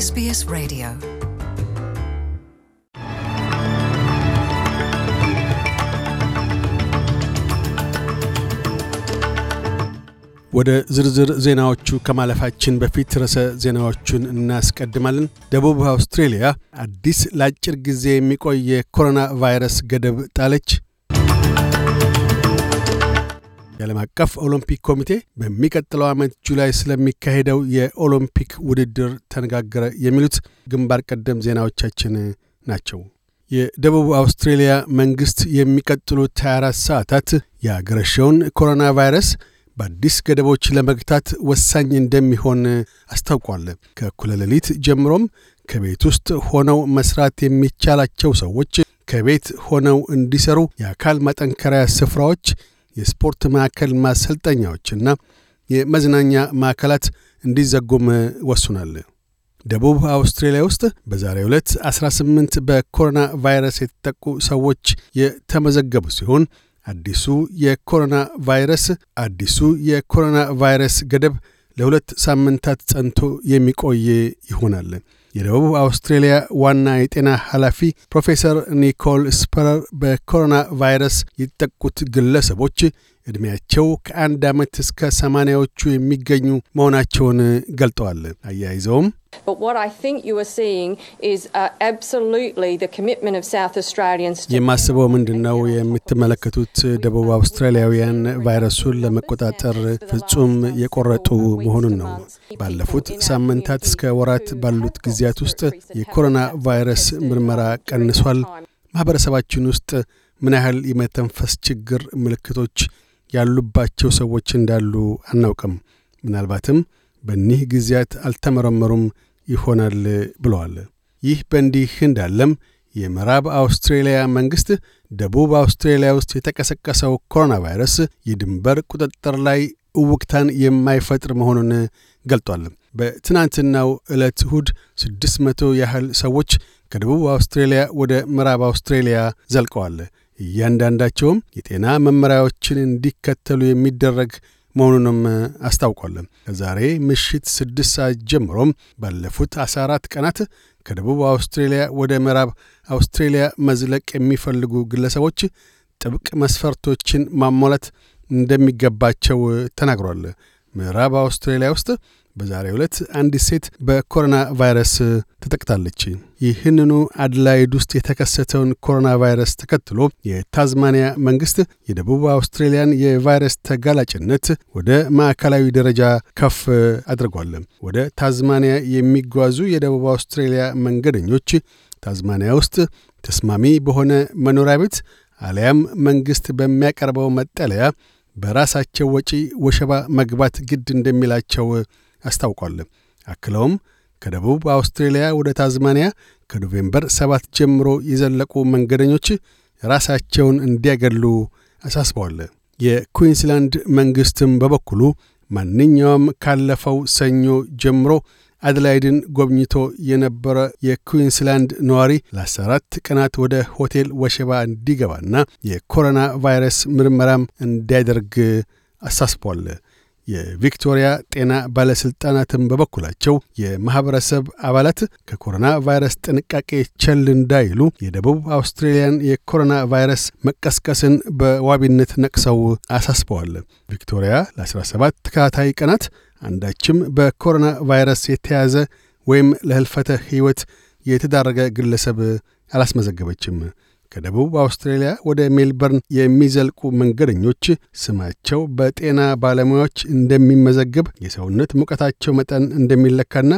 SBS Radio ወደ ዝርዝር ዜናዎቹ ከማለፋችን በፊት ርዕሰ ዜናዎቹን እናስቀድማለን። ደቡብ አውስትሬልያ አዲስ ለአጭር ጊዜ የሚቆይ የኮሮና ቫይረስ ገደብ ጣለች። የዓለም አቀፍ ኦሎምፒክ ኮሚቴ በሚቀጥለው ዓመት ጁላይ ስለሚካሄደው የኦሎምፒክ ውድድር ተነጋገረ። የሚሉት ግንባር ቀደም ዜናዎቻችን ናቸው። የደቡብ አውስትሬልያ መንግሥት የሚቀጥሉት 24 ሰዓታት የአገረሸውን ኮሮና ቫይረስ በአዲስ ገደቦች ለመግታት ወሳኝ እንደሚሆን አስታውቋል። ከእኩለ ሌሊት ጀምሮም ከቤት ውስጥ ሆነው መስራት የሚቻላቸው ሰዎች ከቤት ሆነው እንዲሰሩ፣ የአካል ማጠንከሪያ ስፍራዎች፣ የስፖርት ማዕከል ማሰልጠኛዎችና የመዝናኛ ማዕከላት እንዲዘጉም ወስኗል። ደቡብ አውስትሬልያ ውስጥ በዛሬ ዕለት 18 በኮሮና ቫይረስ የተጠቁ ሰዎች የተመዘገቡ ሲሆን አዲሱ የኮሮና ቫይረስ አዲሱ የኮሮና ቫይረስ ገደብ ለሁለት ሳምንታት ጸንቶ የሚቆይ ይሆናል። የደቡብ አውስትሬልያ ዋና የጤና ኃላፊ ፕሮፌሰር ኒኮል ስፐረር በኮሮና ቫይረስ የተጠቁት ግለሰቦች ዕድሜያቸው ከአንድ ዓመት እስከ ሰማንያዎቹ የሚገኙ መሆናቸውን ገልጠዋል። አያይዘውም uh, የማስበው ምንድን ነው የምትመለከቱት ደቡብ አውስትራሊያውያን ቫይረሱን ለመቆጣጠር ፍጹም የቆረጡ መሆኑን ነው። ባለፉት ሳምንታት እስከ ወራት ባሉት ጊዜያት ውስጥ የኮሮና ቫይረስ ምርመራ ቀንሷል። ማኅበረሰባችን ውስጥ ምን ያህል የመተንፈስ ችግር ምልክቶች ያሉባቸው ሰዎች እንዳሉ አናውቅም። ምናልባትም በኒህ ጊዜያት አልተመረመሩም ይሆናል ብለዋል። ይህ በእንዲህ እንዳለም የምዕራብ አውስትሬልያ መንግሥት ደቡብ አውስትሬልያ ውስጥ የተቀሰቀሰው ኮሮና ቫይረስ የድንበር ቁጥጥር ላይ እውቅታን የማይፈጥር መሆኑን ገልጧል። በትናንትናው ዕለት እሁድ 600 ያህል ሰዎች ከደቡብ አውስትሬልያ ወደ ምዕራብ አውስትሬልያ ዘልቀዋል። እያንዳንዳቸውም የጤና መመሪያዎችን እንዲከተሉ የሚደረግ መሆኑንም አስታውቋል። ከዛሬ ምሽት ስድስት ሰዓት ጀምሮም ባለፉት 14 ቀናት ከደቡብ አውስትሬልያ ወደ ምዕራብ አውስትሬልያ መዝለቅ የሚፈልጉ ግለሰቦች ጥብቅ መስፈርቶችን ማሟላት እንደሚገባቸው ተናግሯል። ምዕራብ አውስትሬልያ ውስጥ በዛሬ ዕለት አንዲት ሴት በኮሮና ቫይረስ ተጠቅታለች። ይህንኑ አድላይድ ውስጥ የተከሰተውን ኮሮና ቫይረስ ተከትሎ የታዝማኒያ መንግስት የደቡብ አውስትሬልያን የቫይረስ ተጋላጭነት ወደ ማዕከላዊ ደረጃ ከፍ አድርጓል። ወደ ታዝማኒያ የሚጓዙ የደቡብ አውስትሬልያ መንገደኞች ታዝማኒያ ውስጥ ተስማሚ በሆነ መኖሪያ ቤት አሊያም መንግስት በሚያቀርበው መጠለያ በራሳቸው ወጪ ወሸባ መግባት ግድ እንደሚላቸው አስታውቋል። አክለውም ከደቡብ አውስትሬልያ ወደ ታዝማኒያ ከኖቬምበር ሰባት ጀምሮ የዘለቁ መንገደኞች ራሳቸውን እንዲያገሉ አሳስበዋል። የኩዊንስላንድ መንግሥትም በበኩሉ ማንኛውም ካለፈው ሰኞ ጀምሮ አድላይድን ጎብኝቶ የነበረ የኩዊንስላንድ ነዋሪ ለአስራት ቀናት ወደ ሆቴል ወሸባ እንዲገባና የኮሮና ቫይረስ ምርመራም እንዲያደርግ አሳስቧል። የቪክቶሪያ ጤና ባለሥልጣናትም በበኩላቸው የማኅበረሰብ አባላት ከኮሮና ቫይረስ ጥንቃቄ ቸል እንዳይሉ የደቡብ አውስትሬልያን የኮሮና ቫይረስ መቀስቀስን በዋቢነት ነቅሰው አሳስበዋል። ቪክቶሪያ ለ17 ተከታታይ ቀናት አንዳችም በኮሮና ቫይረስ የተያዘ ወይም ለህልፈተ ሕይወት የተዳረገ ግለሰብ አላስመዘገበችም። ከደቡብ አውስትራሊያ ወደ ሜልበርን የሚዘልቁ መንገደኞች ስማቸው በጤና ባለሙያዎች እንደሚመዘግብ፣ የሰውነት ሙቀታቸው መጠን እንደሚለካና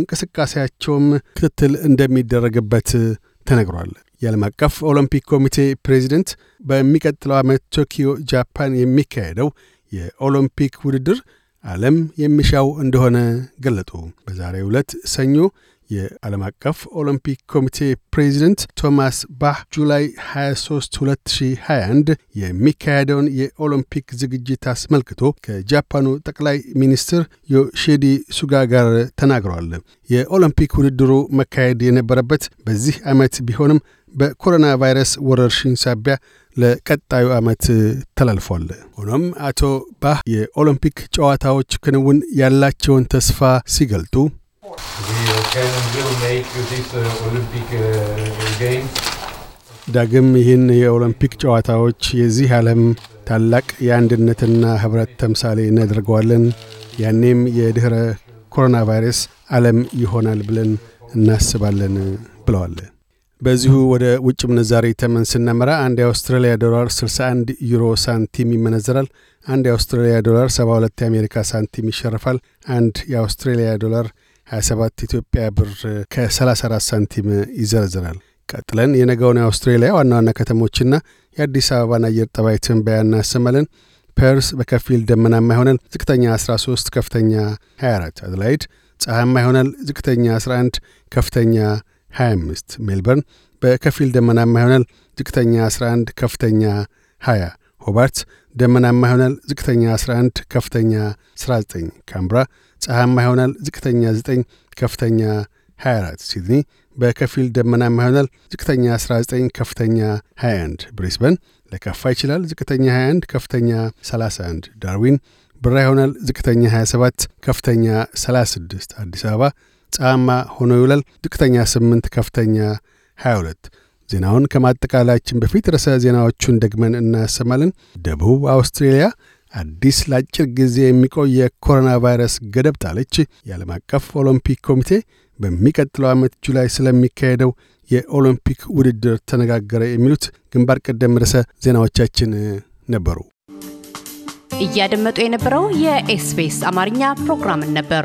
እንቅስቃሴያቸውም ክትትል እንደሚደረግበት ተነግሯል። የዓለም አቀፍ ኦሎምፒክ ኮሚቴ ፕሬዚደንት በሚቀጥለው ዓመት ቶኪዮ ጃፓን የሚካሄደው የኦሎምፒክ ውድድር ዓለም የሚሻው እንደሆነ ገለጡ። በዛሬ ዕለት ሰኞ የዓለም አቀፍ ኦሎምፒክ ኮሚቴ ፕሬዚደንት ቶማስ ባህ ጁላይ 23 2021 የሚካሄደውን የኦሎምፒክ ዝግጅት አስመልክቶ ከጃፓኑ ጠቅላይ ሚኒስትር ዮሼዲ ሱጋ ጋር ተናግረዋል። የኦሎምፒክ ውድድሩ መካሄድ የነበረበት በዚህ ዓመት ቢሆንም በኮሮና ቫይረስ ወረርሽኝ ሳቢያ ለቀጣዩ ዓመት ተላልፏል። ሆኖም አቶ ባህ የኦሎምፒክ ጨዋታዎች ክንውን ያላቸውን ተስፋ ሲገልጡ ዳግም ይህን የኦሎምፒክ ጨዋታዎች የዚህ ዓለም ታላቅ የአንድነትና ኅብረት ተምሳሌ እናደርገዋለን። ያኔም የድኅረ ኮሮና ቫይረስ ዓለም ይሆናል ብለን እናስባለን ብለዋል። በዚሁ ወደ ውጭ ምንዛሪ ተመን ስናመራ አንድ የአውስትራሊያ ዶላር 61 ዩሮ ሳንቲም ይመነዘራል። አንድ የአውስትራሊያ ዶላር 72 የአሜሪካ ሳንቲም ይሸርፋል። አንድ የአውስትራሊያ ዶላር 27 ኢትዮጵያ ብር ከ34 ሳንቲም ይዘረዝራል። ቀጥለን የነገውን የአውስትሬሊያ ዋና ዋና ከተሞችና የአዲስ አበባን አየር ጠባይ ትንበያ እናሰማለን። ፐርስ በከፊል ደመናማ ይሆናል። ዝቅተኛ 13፣ ከፍተኛ 24። አድላይድ ፀሐያማ ይሆናል። ዝቅተኛ 11፣ ከፍተኛ 25። ሜልበርን በከፊል ደመናማ ይሆናል። ዝቅተኛ 11፣ ከፍተኛ 20። ሆባርት ደመናማ ይሆናል። ዝቅተኛ 11 ከፍተኛ 19። ካምብራ ፀሐማ ይሆናል። ዝቅተኛ 9 ከፍተኛ 24። ሲድኒ በከፊል ደመናማ ይሆናል። ዝቅተኛ 19 ከፍተኛ 21። ብሪስበን ለከፋ ይችላል። ዝቅተኛ 21 ከፍተኛ 31። ዳርዊን ብራ ይሆናል። ዝቅተኛ 27 ከፍተኛ 36። አዲስ አበባ ፀሐማ ሆኖ ይውላል። ዝቅተኛ 8 ከፍተኛ 22 ዜናውን ከማጠቃላያችን በፊት ርዕሰ ዜናዎቹን ደግመን እናሰማለን። ደቡብ አውስትሬልያ አዲስ ለአጭር ጊዜ የሚቆይ የኮሮና ቫይረስ ገደብ ጣለች። የዓለም አቀፍ ኦሎምፒክ ኮሚቴ በሚቀጥለው ዓመት ጁላይ ስለሚካሄደው የኦሎምፒክ ውድድር ተነጋገረ። የሚሉት ግንባር ቀደም ርዕሰ ዜናዎቻችን ነበሩ። እያደመጡ የነበረው የኤስቢኤስ አማርኛ ፕሮግራምን ነበር።